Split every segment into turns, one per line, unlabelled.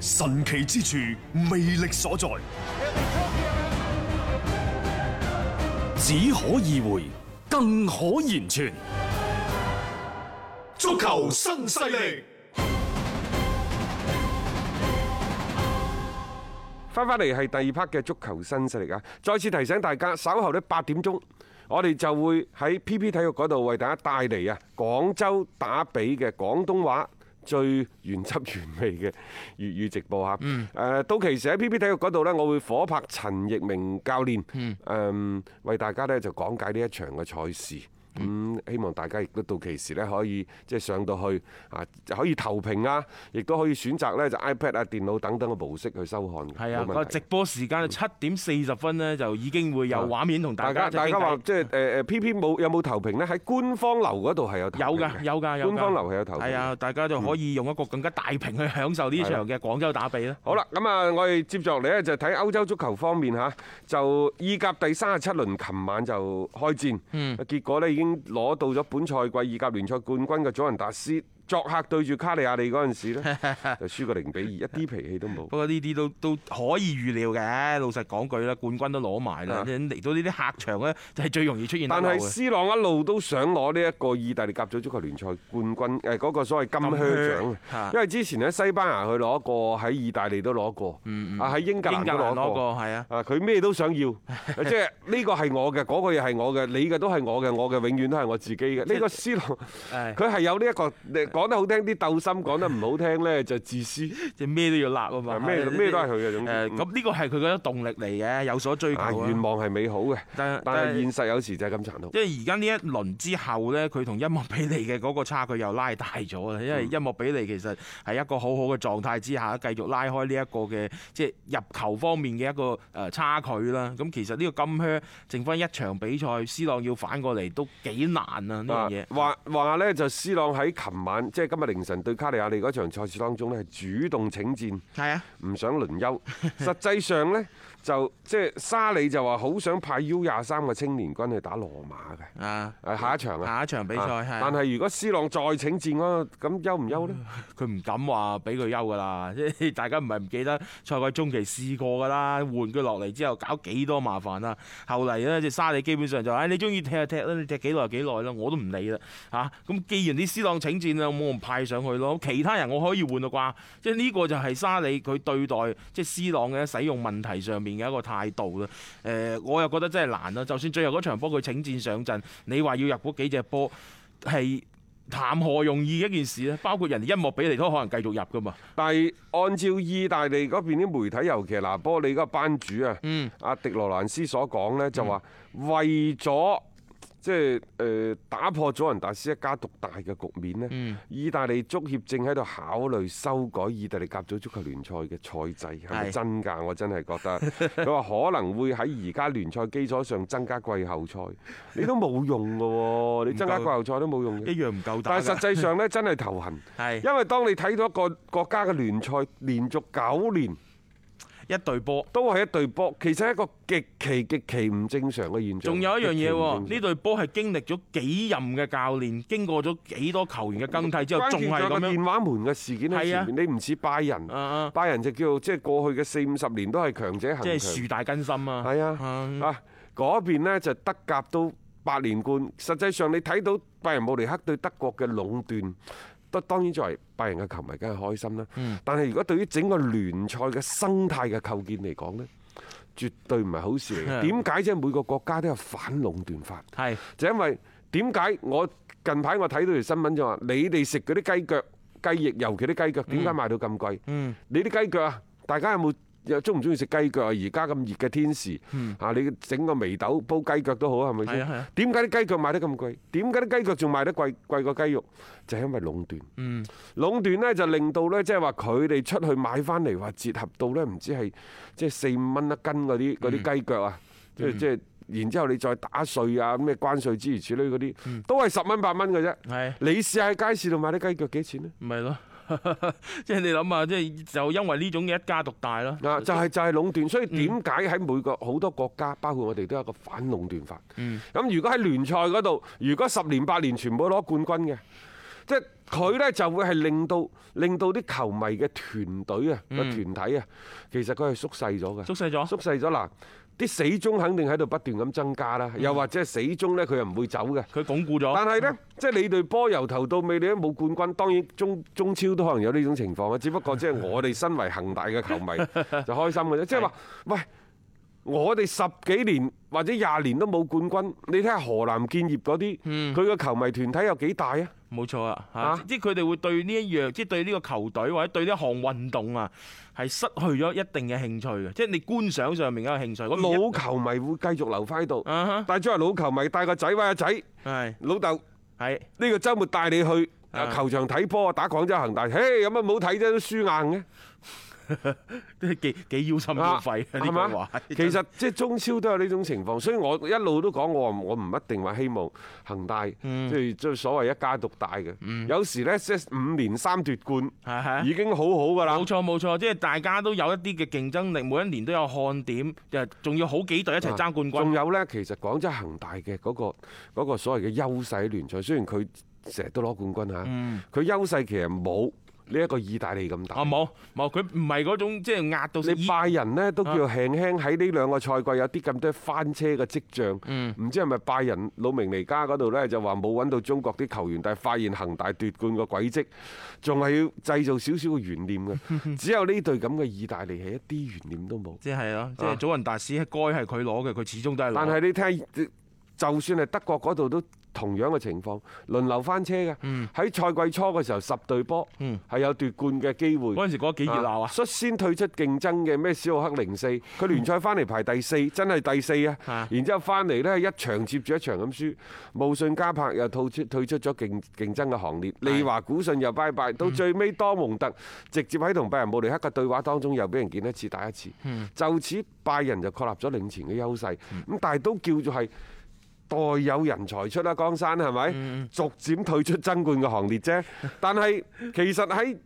神奇之處，魅力所在，只可意會，更可言傳。足球新勢力，
翻返嚟係第二 part 嘅足球新勢力啊！再次提醒大家，稍後咧八點鐘，我哋就會喺 PP 體育嗰度為大家帶嚟啊廣州打比嘅廣東話。最原汁原味嘅粵語直播嚇，誒，到期時喺 PP 體育度咧，我會火拍陳奕明教練，誒，為大家咧就講解呢一場嘅賽事。咁、嗯、希望大家亦都到期時咧，可以即係上到去啊，可以投屏啊，亦都可以選擇咧就 iPad 啊、電腦等等嘅模式去收看嘅。啊的，直
播時間七點四十分呢，就已經會有畫面同的大家。大家大家話即係誒誒，PP 冇有冇投屏呢？喺官方
流嗰度係有投屏，有㗎有㗎，有官方流係有投屏。啊，大
家就可以用一個更加大屏去享受呢場嘅廣州打比啦。好啦，
咁啊，我哋接續嚟呢，就睇歐洲足球方面嚇，就意甲第三十七輪，琴晚就開戰。嗯。結果呢。已經攞到咗本賽季意甲聯賽冠軍嘅祖雲達斯。作客對住卡利亞利嗰陣時咧，就輸個零比二，一啲脾氣都冇。
不過呢啲都都可以預料嘅。老實講句啦，冠軍都攞埋啦。嚟到呢啲客場呢，就係最容易出現。但係 C
朗一路都想攞呢一個意大利甲組足球聯賽冠軍，誒嗰個所謂金靴獎，因為之前喺西班牙去攞過，喺意大利都攞過，喺英格蘭攞過，佢咩都想要，即係呢個係我嘅，嗰個又係我嘅，你嘅都係我嘅，我嘅永遠都係我自己嘅。呢個 C 朗，佢係有呢一個。講得好聽啲鬥心，講得唔好聽咧就自私，
即係咩都要立啊嘛。咩咩都係佢嘅。誒咁呢個係佢嗰種動力嚟嘅，有所追求啊。願望係美好嘅，但係現實有時就係咁殘酷。即係而家呢一輪之後咧，佢同一莫比利嘅嗰個差距又拉大咗啦，因為一莫比利其實係一個好好嘅狀態之下，繼續拉開呢、這、一個嘅即係入球方面嘅一個誒差距啦。咁其實呢個金靴剩翻一場比賽，C 朗要反過嚟都幾難啊呢樣嘢。
話話咧就 C 朗喺琴晚。即係今日凌晨對卡利亞利嗰場賽事當中咧，係主動請戰，係啊，唔想輪休。實際上咧。就即係、就是、沙里就話好想派 U 廿三個青年軍去打羅馬嘅啊！下一場啊，下一場比賽，係、啊。是啊、但係
如果 C 朗再請戰我，咁休唔休咧？佢唔敢話俾佢休噶啦，即係大家唔係唔記得賽季中期試過噶啦，換佢落嚟之後搞幾多麻煩啊！後嚟咧，即沙里基本上就誒你中意踢就踢啦，你踢幾耐幾耐啦，我都唔理啦吓，咁、啊、既然啲 C 朗請戰啊，冇人派上去咯。其他人我可以換啊啩，即係呢個就係沙里佢對待即係 C 朗嘅使用問題上面。一個態度啦，誒，我又覺得真係難啦。就算最後嗰場波佢請戰上陣，你話要入嗰幾隻波係談何容易一件事咧？包括人哋一幕俾你都可能繼續入噶嘛。但
係按照意大利嗰邊啲媒體，尤其嗱波里嗰個班主啊，阿、嗯、迪羅蘭斯所講呢，就話為咗，即係誒打破祖雲達斯一家獨大嘅局面咧，嗯、意大利足協正喺度考慮修改意大利甲組足球聯賽嘅賽制，係咪真㗎？是 我真係覺得佢話可能會喺而家聯賽基礎上增加季後賽，你都冇用嘅喎，你增加季後賽都冇用，一樣唔夠。但係實際上呢，真係頭痕，是 因為當你睇到一個國家嘅聯賽連續九年，一隊波都係一隊波，其實係一個極其極其唔正常嘅現象。仲有一樣嘢喎，
呢隊波係經歷咗幾任嘅教練，經過咗幾多球員嘅更替之後，仲係咁。電話門嘅事件喺前面，你唔似拜仁，
拜仁就叫做即係過去嘅四五十年都係強者行。即係樹大根深啊！係啊，啊嗰邊呢就德甲都八連冠。實際上你睇到拜仁慕尼黑對德國嘅壟斷。都當然作為拜仁嘅球迷，梗係開心啦。但係如果對於整個聯賽嘅生態嘅構建嚟講呢，絕對唔係好事嚟。點解即係每個國家都有反壟斷法？係就因為點解我近排我睇到條新聞就話，你哋食嗰啲雞腳、雞翼，尤其啲雞腳，點解賣到咁貴？你啲雞腳啊，大家有冇？又鍾唔鍾意食雞腳啊？而家咁熱嘅天時，啊，嗯、你整個眉豆煲雞腳都好啊，係咪先？點解啲雞腳賣得咁貴？點解啲雞腳仲賣得貴貴過雞肉？就係、是、因為壟斷。壟斷呢，就令到呢，即係話佢哋出去買翻嚟，話折合到呢，唔知係即係四五蚊一斤嗰啲嗰啲雞腳啊，即係即係，然之後你再打稅啊，咩關稅之如此類嗰啲，都係十蚊八蚊嘅啫。是的 你試下喺街市度買啲雞腳幾錢呢？唔係咯。
即係你諗下，即係就因為呢種嘅一家獨大咯。嗱，就係
就係壟斷，所以點解喺每個好多國家，包括我哋都有個反壟斷法。咁如果喺聯賽嗰度，如果十年八年全部攞冠軍嘅，即係佢呢就會係令到令到啲球迷嘅團隊啊，個團體啊，其實佢係縮細咗嘅，縮細咗，縮細咗嗱。啲死忠肯定喺度不斷咁增加啦，又或者死忠咧佢又唔會走嘅。佢鞏固咗。但係咧，即係你隊波由頭到尾你都冇冠軍，當然中中超都可能有呢種情況啊，只不過即係我哋身為恒大嘅球迷就開心嘅啫，即係話喂。我哋十幾年或者廿年都冇冠軍，你睇下河南建業嗰啲，佢個球迷團體有幾大啊？
冇錯啊，即係佢哋會對呢一樣，即係對呢個球隊或者對呢項運動啊，係失去咗一定嘅興趣嘅。即係你觀賞上面嘅興趣，老球迷會繼續留翻喺度，但係作為老球迷帶個仔，喂阿仔，係老豆，係
呢個周末帶你去球場睇波，打廣州恒大，嘿，有乜唔好睇啫？都輸硬嘅。都幾
幾要心碎啊！呢句話，其
實即係中超都有呢種情況，所以我一路都講我我唔一定話希望恒大即係即係所謂一家獨大嘅。有時咧即係五年三奪冠，是是已
經好好噶啦。冇錯冇錯，即係大家都有一啲嘅競爭力，每一年都有看點，就仲要好幾隊一齊爭冠軍。仲有
咧，其實廣州恒大嘅嗰個嗰個所謂嘅優勢聯賽，雖然佢成日都攞冠軍吓，佢優勢其實冇。呢一個意大利咁大，
冇冇佢唔係嗰種即係壓到你，拜仁
呢都叫輕輕喺呢兩個賽季有啲咁多翻車嘅跡象，唔、嗯、知係咪拜仁魯明尼加嗰度呢？就話冇揾到中國啲球員，但係發現恒大奪冠嘅軌跡，仲係要製造少少嘅懸念嘅。只有呢隊咁嘅意大利係一啲懸念都冇。即係咯，即係
祖雲達斯該係佢攞嘅，佢始終都係攞。但係你睇，
就算係德國嗰度都。同樣嘅情況，輪流翻車嘅。喺、嗯、賽季初嘅時候，十隊波係有奪冠嘅機會。嗰陣時覺得幾熱鬧啊！率先退出競爭嘅咩小奧克零四，佢聯賽翻嚟排第四，嗯、真係第四啊！嗯、然之後翻嚟咧，一場接住一場咁輸，慕遜加柏又退出退出咗競競爭嘅行列，是的 利華古信又拜拜，到最尾多、嗯、蒙特直接喺同拜仁慕尼克嘅對話當中，又俾人見一次打一次。嗯、就此拜仁就確立咗領前嘅優勢。咁但係都叫做係。代有人才出啦，江山係咪？是是嗯、逐漸退出爭冠嘅行列啫。但係其實喺，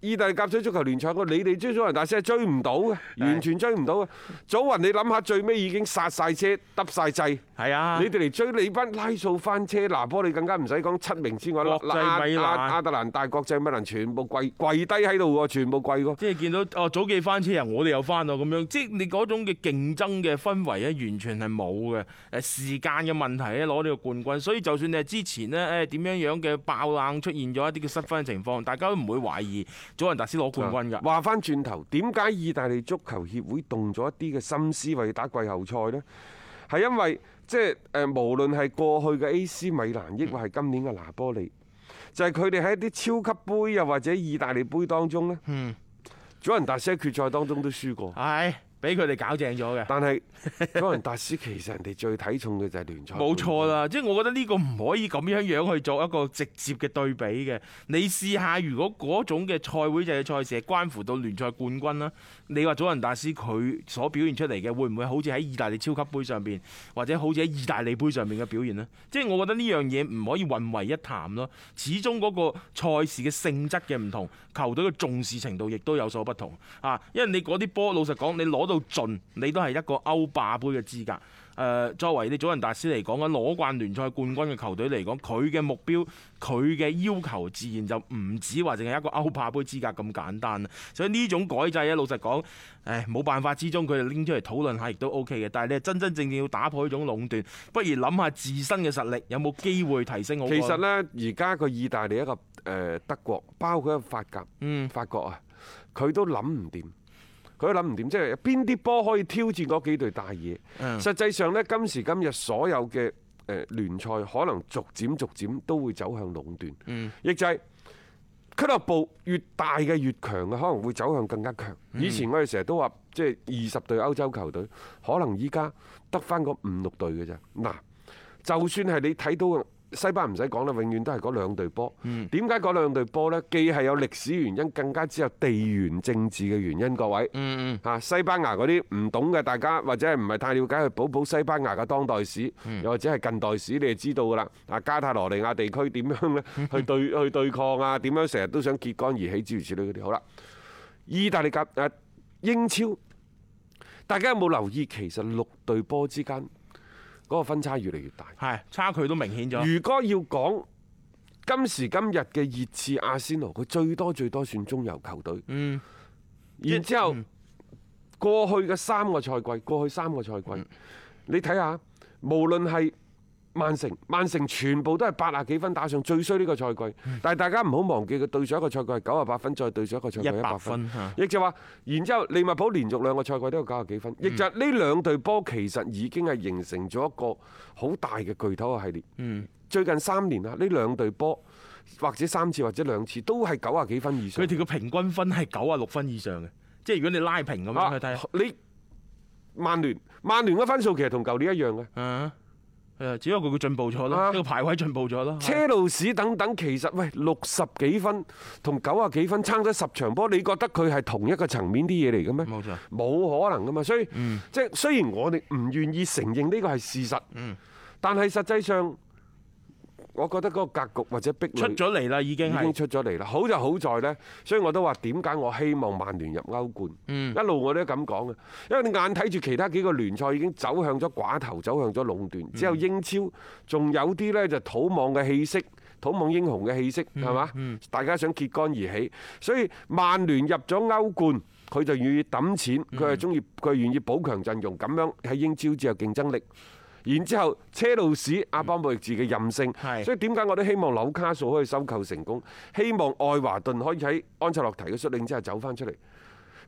意大利甲組足球聯賽，你哋追祖雲達斯係追唔到嘅，完全追唔到嘅。是的 祖雲你諗下，最尾已經殺晒車，得晒掣。係啊是的！你哋嚟,追你班拉素翻車，嗱波你更加唔使講七
名之外啦，亞亞特蘭大、國際米蘭全部跪跪低喺度喎，全部跪即。即係見到哦，早幾翻車啊，我哋又翻到咁樣，即係你嗰種嘅競爭嘅氛圍咧，完全係冇嘅。誒，時間嘅問題咧，攞呢個冠軍，所以就算你係之前呢誒點樣樣嘅爆冷出現咗一啲嘅失分情況，大家都唔會懷疑。祖雲達斯攞冠軍㗎。話
返轉頭，點解意大利足球協會動咗一啲嘅心思，為打季後賽呢？係因為即係誒，無論係過去嘅 A. C. 米蘭，亦或係今年嘅拿波利，就係佢哋喺啲超級盃又或者意大利盃當中呢，嗯、祖雲達斯喺決賽當中都輸過。俾佢哋搞正咗嘅，但係祖雲達斯其實人哋最睇重嘅就係聯賽，
冇錯啦。即係我覺得呢個唔可以咁樣樣去做一個直接嘅對比嘅。你試下如果嗰種嘅賽會就係賽事係關乎到聯賽冠軍啦，你話祖雲達斯佢所表現出嚟嘅會唔會好似喺意大利超級杯上邊或者好似喺意大利杯上面嘅表現咧？即係我覺得呢樣嘢唔可以混為一談咯。始終嗰個賽事嘅性質嘅唔同，球隊嘅重視程度亦都有所不同啊。因為你嗰啲波，老實講，你攞到。到盡，你都係一個歐霸杯嘅資格。誒、呃，作為你祖雲達斯嚟講嘅，攞慣聯賽冠軍嘅球隊嚟講，佢嘅目標，佢嘅要求，自然就唔止話淨係一個歐霸杯資格咁簡單。所以呢種改制咧，老實講，誒，冇辦法之中，佢哋拎出嚟討論下，亦都 O K 嘅。但係你是真真正正要打破呢種壟斷，不如諗下自身嘅實力，有冇機會提升好。其實呢，而家個意大利一個誒德國，包括一個法甲、法國啊，佢、
嗯、都諗唔掂。我諗唔掂，即係邊啲波可以挑戰嗰幾隊大嘢。嗯、實際上呢，今時今日所有嘅誒聯賽，可能逐漸逐漸都會走向壟斷。亦、嗯、就係、是，俱樂部越大嘅越強嘅，可能會走向更加強。嗯、以前我哋成日都話，即係二十隊歐洲球隊，可能依家得翻個五六隊嘅啫。嗱，就算係你睇到。西班牙唔使講啦，永遠都係嗰兩隊波。點解嗰兩隊波呢？既係有歷史原因，更加之有地緣政治嘅原因。各位，嚇、嗯嗯、西班牙嗰啲唔懂嘅，大家或者係唔係太了解？去補補西班牙嘅當代史，又或者係近代史，你就知道噶啦。啊，加泰羅尼亞地區點樣咧？去對去對抗啊？點樣成日都想揭竿而起諸如此類嗰啲。好啦，意大利甲誒英超，大家有冇留意？其實六隊波之間，嗰個分差越嚟越大，係差距都明顯咗。如果要講今時今日嘅熱刺阿仙奴，佢最多最多算中游球隊。嗯，然之後過去嘅三個賽季，過去三個賽季，你睇下，無論係。曼城曼城，全部都係八十幾分打上最衰呢個賽季，但係大家唔好忘記佢對上一個賽季係九十八分，再對上一個賽季一百分，亦分就話，然之後利物浦連續兩個賽季都有九十幾分，亦、嗯、就呢兩隊波其實已經係形成咗一個好大嘅巨頭嘅系列。嗯、最近三年啦，呢兩隊波或者三次或者兩次都係九十幾分以上。佢
哋嘅平均分係九十六分以上嘅，即係如果你拉平咁樣、啊、去睇看，你曼聯曼聯嘅分數其實同舊年一樣嘅。啊啊誒，只有佢佢進步咗啦，個排位進步咗啦。車路士
等等，其實喂，六十幾分同九十幾分差咗十場波，你覺得佢係同一個層面啲嘢嚟嘅咩？冇錯，冇可能噶嘛。所以，即係、嗯、雖然我哋唔願意承認呢個係事實，嗯、但係實際上。我覺得嗰個格局或者逼出咗嚟啦，已經已經出咗嚟啦。是 好就好在呢，所以我都話點解我希望曼聯入歐冠，嗯、一路我都咁講嘅。因為你眼睇住其他幾個聯賽已經走向咗寡頭，走向咗壟斷，只有英超仲有啲呢，就土望嘅氣息，土望英雄嘅氣息，係嘛？大家想揭竿而起，所以曼聯入咗歐冠，佢就願意揼錢，佢係鍾意，佢願意補強陣容，咁樣喺英超先有競爭力。然之後，車路士阿邦慕易治嘅任性，嗯、所以點解我都希望紐卡素可以收購成功，希望愛華頓可以喺安塞洛提嘅率領之下走翻出嚟，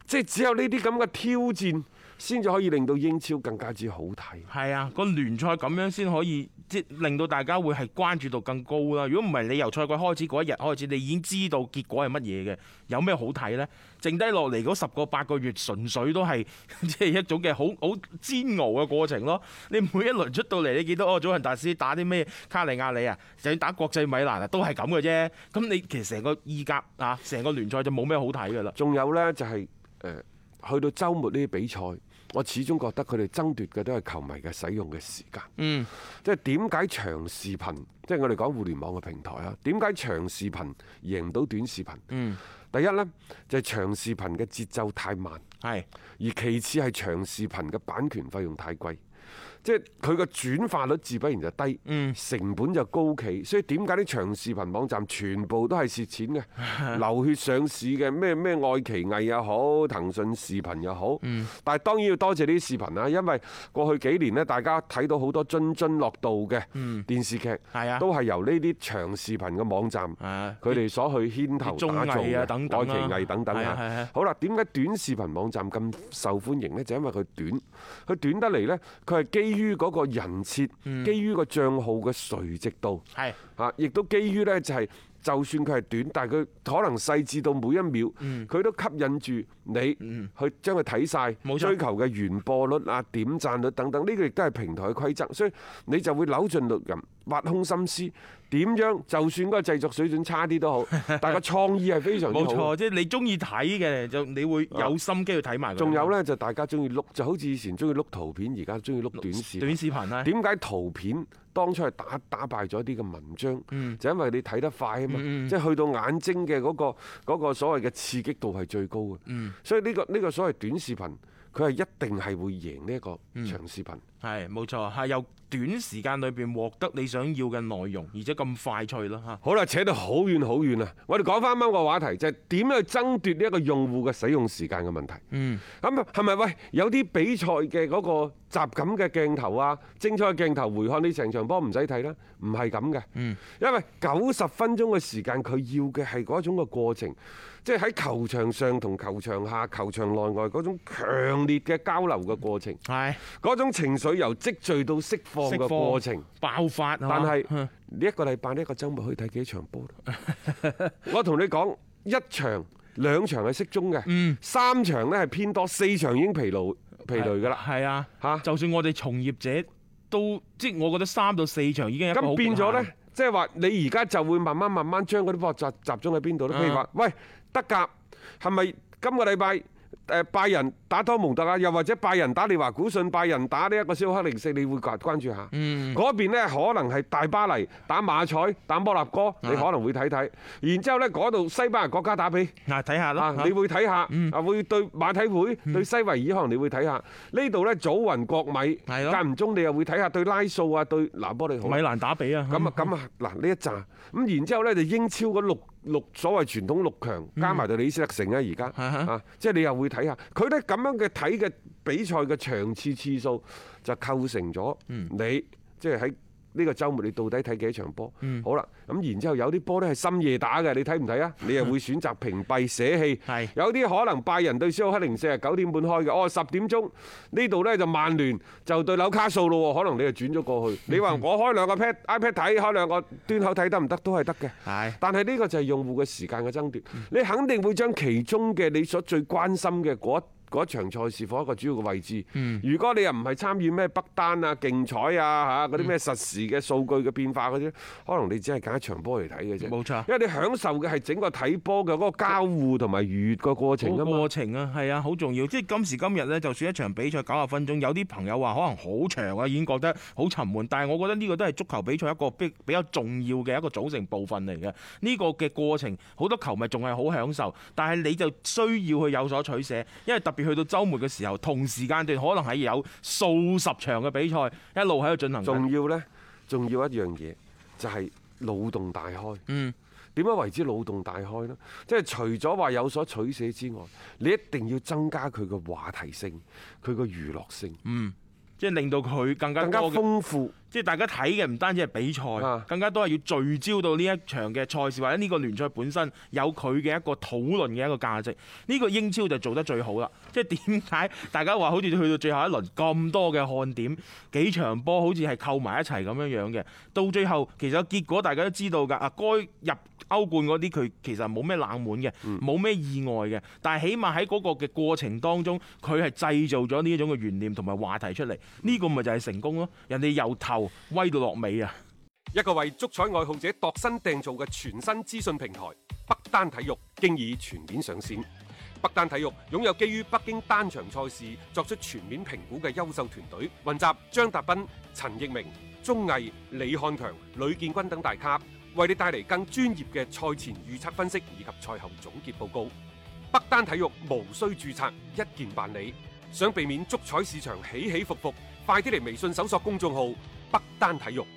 即、就、係、是、只有呢啲咁嘅挑戰。先至可以令到英超更加之好睇。
係啊，個聯賽咁樣先可以即，令到大家會係關注度更高啦。如果唔係，你由賽季開始嗰一日開始，你已經知道結果係乜嘢嘅，有咩好睇呢？剩低落嚟嗰十個八個月，純粹都係即係一種嘅好好煎熬嘅過程咯。你每一輪出到嚟，你見到哦，祖雲達斯打啲咩卡利亞里啊，就要打國際米蘭啊，都係咁嘅啫。咁你其實成個意甲啊，成個聯賽就冇咩好睇噶啦。仲有呢，
就係誒。去到周末呢啲比賽，我始終覺得佢哋爭奪嘅都係球迷嘅使用嘅時間。嗯，即係點解長視頻，即係我哋講互聯網嘅平台啊？點解長視頻贏到短視頻？嗯，第一呢，就係長視頻嘅節奏太慢，係，而其次係長視頻嘅版權費用太貴。即係佢個轉化率自不然就低，成本就高企，所以點解啲長視頻網站全部都係蝕錢嘅，流血上市嘅咩咩愛奇藝又好，騰訊視頻又好，但係當然要多謝啲視頻啦，因為過去幾年咧，大家睇到好多津津樂道嘅電視劇，都係由呢啲長視頻嘅網站佢哋所去牽頭打造嘅，愛奇藝等等啊，好啦，點解短視頻網站咁受歡迎咧？就因為佢短，佢短得嚟咧，佢係基於嗰個人設，基於個賬號嘅垂直度，係啊，亦都基於咧就係、是。就算佢係短，但係佢可能細緻到每一秒，佢、嗯、都吸引住你、嗯、去將佢睇晒。追求嘅完播率啊、點讚率等等，呢個亦都係平台嘅規則，所以你就會扭盡六壬，挖空心思點樣。就算
嗰個製作水準差啲都好，但係創意係非常之冇 錯。即係你中意睇嘅就，你會有心機去睇埋。仲有
呢，吧就大家中意碌，就好似以前中意碌 o 圖片，而家中意碌短視短視頻啦。點解圖片，當初係打打敗咗啲嘅文章，嗯、就因為你睇得快啊嘛，即係、嗯嗯、去到眼睛嘅嗰、嗰個嗰個所謂嘅刺激度係最高嘅，嗯、所以呢、呢個呢、呢個所謂短視頻，佢係一定係會贏呢一個長視頻。嗯嗯
係冇錯，係有短時間裏邊獲得你想要嘅內容，而且咁快脆啦吓。
好啦，扯到好遠好遠啊！我哋講翻啱個話題，就係點樣去爭奪呢一個用戶嘅使用時間嘅問題。嗯是是，咁係咪喂？有啲比賽嘅個集錦嘅鏡頭啊，精彩嘅鏡頭回看呢，成場波唔使睇啦，唔係咁嘅。嗯，因為九十分鐘嘅時間，佢要嘅係嗰種嘅過程，即係喺球場上同球場下、球場內外嗰種強烈嘅交流嘅過程。係，嗰種情。佢由積聚到釋放嘅過程，爆發。但係是呢是一個禮拜，呢一個周末可以睇幾場波？ 我同你講，一場、兩場係適中嘅，嗯，三場咧係偏多，四場已經疲勞疲累㗎啦。
係啊，嚇、啊！就算我哋從業者都，即係我覺得三到四場已經。咁變咗咧，即係話你而家就會
慢慢慢慢將嗰啲波集集中喺邊度咧？譬如話，嗯、喂，德甲係咪今個禮拜？誒，拜仁打多蒙特啊，又或者拜仁打利華古信，拜仁打呢一個肖克零四，你會關關注下。嗯。嗰邊咧可能係大巴黎打馬賽，打摩納哥，你可能會睇睇。然之後咧嗰度西班牙國家打比，嗱睇下啦，你會睇下，啊會對馬體會對西維爾，可能你會睇下。呢度咧祖雲國米，間唔中你又會睇下對拉素啊，對拿波利。米蘭打比啊，咁啊咁啊，嗱呢一紮。咁然之後咧就英超嗰六。六所謂傳統六強加埋到李斯特城啊，而家啊，嗯、即係你又會睇下，佢哋咁樣嘅睇嘅比賽嘅場次次數就構成咗你、嗯、即係喺。呢個周末你到底睇幾場波？好啦，咁然之後有啲波呢係深夜打嘅，你睇唔睇啊？你又會選擇屏蔽、捨棄？ 有啲可能拜仁對史浩克零四啊，九點半開嘅，哦，十點鐘呢度呢就曼聯就對紐卡素咯，可能你就轉咗過去。你話我開兩個 iPad 睇，開兩個端口睇得唔得都係得嘅。 但係呢個就係用戶嘅時間嘅爭奪，你肯定會將其中嘅你所最關心嘅嗰。嗰一場賽事放一個主要嘅位置。嗯、如果你又唔係參與咩北單啊競彩啊嚇嗰啲咩實時嘅數據嘅變化嗰啲，嗯、可能你只係揀一場波嚟睇
嘅啫。冇錯，因為你享受嘅係整個睇波嘅嗰個交互同埋愉悅嘅過程。個過程啊，係啊，好重要。即係今時今日呢，就算一場比賽九十分鐘，有啲朋友話可能好長啊，已經覺得好沉悶。但係我覺得呢個都係足球比賽一個比較重要嘅一個組成部分嚟嘅。呢、呢個嘅過程好多球迷仲係好享受，但係你就需要去有所取捨，因為特別，去到周末嘅時候，同時間段可能係有數十場嘅比賽，一路喺度進行。仲
要呢，仲要一樣嘢就係腦洞大開。嗯，點樣為之腦洞大開呢？即係除咗話有所取捨之外，你一定要增加佢個話題性，佢個娛樂性。
嗯，即係令到佢更加更加豐富。即係大家睇嘅唔單止係比賽，更加都係要聚焦到呢一場嘅賽事，或者呢個聯賽本身有佢嘅一個討論嘅一個價值。呢個英超就做得最好啦！即係點解大家話好似去到最後一輪咁多嘅看點幾場波好似係扣埋一齊咁樣樣嘅？到最後其實個結果大家都知道㗎。啊，該入歐冠嗰啲佢其實冇咩冷門嘅，冇咩、嗯、意外嘅。但係起碼喺嗰個嘅過程當中，佢係製造咗呢一種嘅懸念同埋話題出嚟。呢個咪就係成功咯！人哋由頭威到落尾啊！
一個為足彩愛好者度身訂造嘅全新資訊平台北單體育，經已全面上線。北單體育擁有基於北京單場賽事作出全面評估嘅優秀團隊，雲集張達斌、陳奕明、鍾毅、李漢強、呂建軍等大咖，為你帶嚟更專業嘅賽前預測分析以及賽後總結報告。北單體育無需注冊，一鍵辦理。想避免足彩市場起起伏伏，快啲嚟微信搜索公眾號。北丹體育。